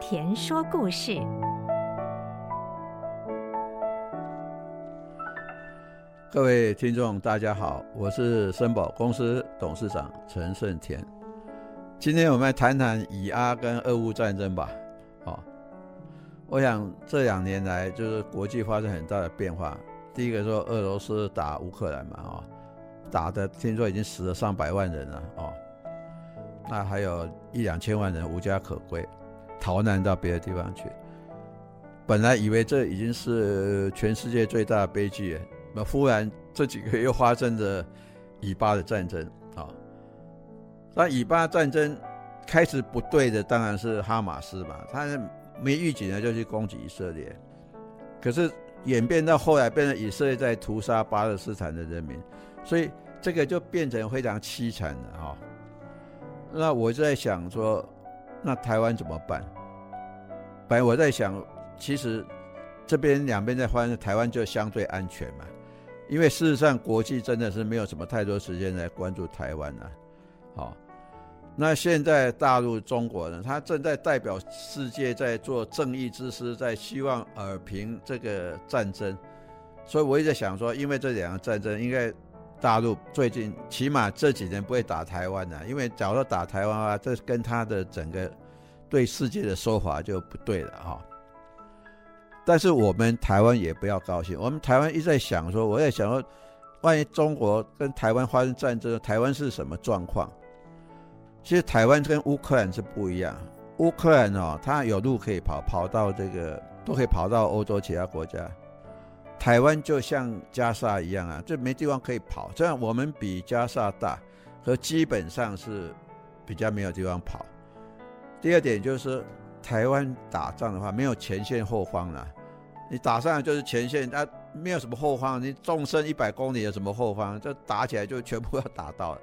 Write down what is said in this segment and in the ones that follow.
沺說故事，各位聽眾，大家好，我是伸保公司董事長陳順沺。今天我們來談談以阿跟俄烏戰爭吧。哦，我想這兩年來就是國際發生很大的變化。第一個說俄羅斯打烏克蘭嘛，哦，打的聽說已經死了上百萬人了，哦，那還有一兩千萬人無家可歸。逃難到別的地方去。本來以為這已經是全世界最大的悲劇了，那忽然這幾個月又發生着以巴的戰爭啊。那、哦、以巴戰爭開始不對的當然是哈馬斯嘛，他沒預警呢就去攻擊以色列。可是演變到後來變成以色列在屠殺巴勒斯坦的人民，所以這個就變成非常淒慘的啊、哦。那我在想說，那台灣怎麼辦？本來我在想，其實這邊兩邊在換，台灣就相對安全嘛。因為事實上，國際真的是沒有什麼太多時間來關注台灣了、啊。好、哦，那現在大陸中國呢，他正在代表世界在做正義之師，在希望弭平這個戰爭。所以我一直在想說，因為這兩個戰爭，應該大陸最近起碼這幾年不會打台灣了、啊，因為假如打台灣啊，這跟他的整個。對世界的說法就不對了哈、哦。但是我們台灣也不要高興，我們台灣一直在想說，我也想說，萬一中國跟台灣發生戰爭，台灣是什麼狀況？其實台灣跟烏克蘭是不一樣，烏克蘭哦，它有路可以跑，跑到這個都可以跑到歐洲其他國家。台灣就像加沙一樣啊，就沒地方可以跑。雖然我們比加沙大，可基本上是比較沒有地方跑。第二點就是，台灣打仗的話沒有前線後方了，你打上來就是前線，它、啊、沒有什麼後方，你縱深一百公里有什麼後方？就打起來就全部要打到了，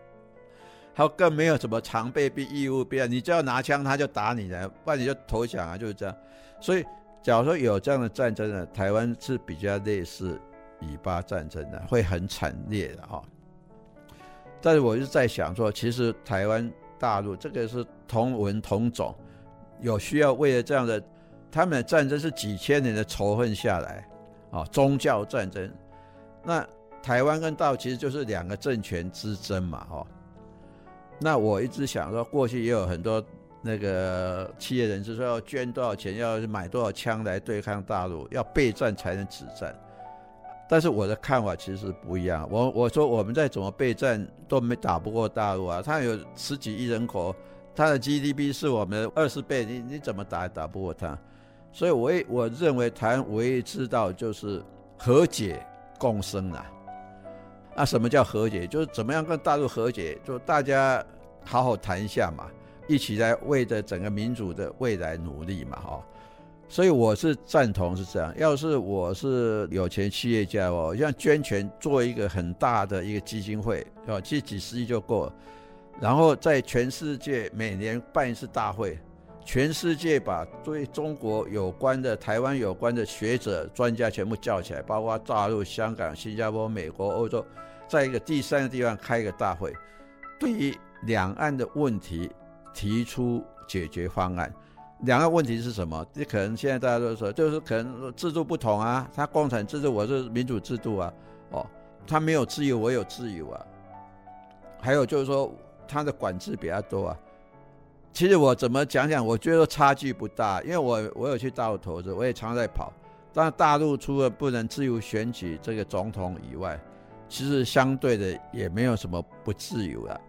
還有更沒有什麼常備兵義務兵，你只要拿槍他就打你了，不然你就投降啊，就是這樣。所以，假如說有這樣的戰爭呢，台灣是比較類似以巴戰爭的，會很慘烈的哈、哦。但是我一直在想說，其實台灣。大陸這個是同文同種，有需要為了這樣的，他們的戰爭是幾千年的仇恨下來，啊，宗教戰爭，那台灣跟大陸其實就是兩個政權之爭嘛，哈。那我一直想說，過去也有很多那個企業人士說要捐多少錢，要買多少槍來對抗大陸，要備戰才能止戰。但是我的看法其實不一樣我，我我說我們再怎麼備戰都沒打不過大陸啊，他有十幾億人口，他的 GDP 是我們二十倍，你你怎麼打也打不過他，所以我，我我認為談唯一之道就是和解共生啊。那什麼叫和解？就是怎麼樣跟大陸和解，就大家好好談一下嘛，一起來為着整個民主的未來努力嘛，哈。所以我是贊同是這樣。要是我是有錢企業家哦，我要捐錢做一個很大的一個基金會，哦，借幾十億就夠了。然後在全世界每年辦一次大會，全世界把對中國有關的、台灣有關的學者、專家全部叫起來，包括大陸、香港、新加坡、美國、歐洲，在一個第三個地方開一個大會，對於兩岸的問題提出解決方案。兩個問題是什麼？你可能現在大家都說，就是可能制度不同啊，他共產制度，我是民主制度啊，哦，他沒有自由，我有自由啊。還有就是說，他的管制比較多啊。其實我怎麼講講，我覺得差距不大，因為我我有去大陸投資，我也常常在跑。但大陸除了不能自由選舉這個總統以外，其實相對的也沒有什麼不自由啊。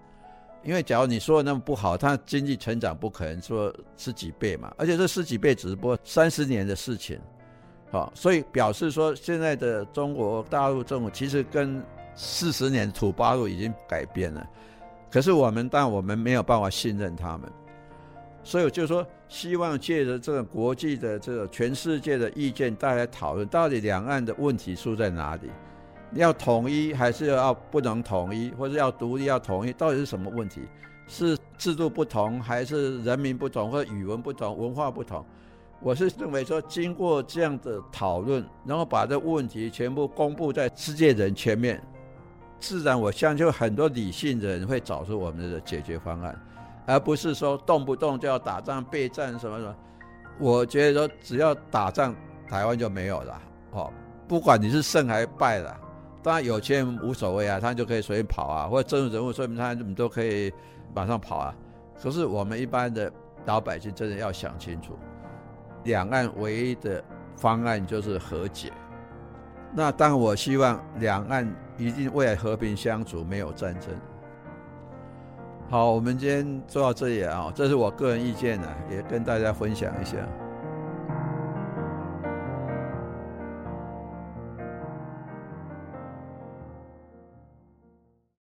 因為假如你說的那麼不好，他經濟成長不可能說十幾倍嘛，而且這十幾倍只是不過三十年的事情，好，哦，所以表示說現在的中國大陸政府其實跟四十年土八路已經改變了，可是我們但我們沒有辦法信任他們，所以我就是說希望借着這個國際的這個全世界的意見，大家討論到底兩岸的問題出在哪裡。要統一還是要不能統一，或者要獨立要統一，到底是什麼問題？是制度不同，還是人民不同，或者語文不同，文化不同？我是認為說，經過這樣的討論，然後把這問題全部公布在世界人前面，自然我相信很多理性人會找出我們的解決方案，而不是說動不動就要打仗備戰什麼什麼。我覺得說，只要打仗，台灣就沒有了哦，不管你是勝還敗了。當然有錢無所謂啊，他們就可以隨便跑啊，或者政治人物，說明他們都可以馬上跑啊。可是我們一般的老百姓，真的要想清楚，兩岸唯一的方案就是和解。那當然，我希望兩岸一定未來和平相處，沒有戰爭。好，我們今天做到這裡啊，這是我個人意見呢，也跟大家分享一下。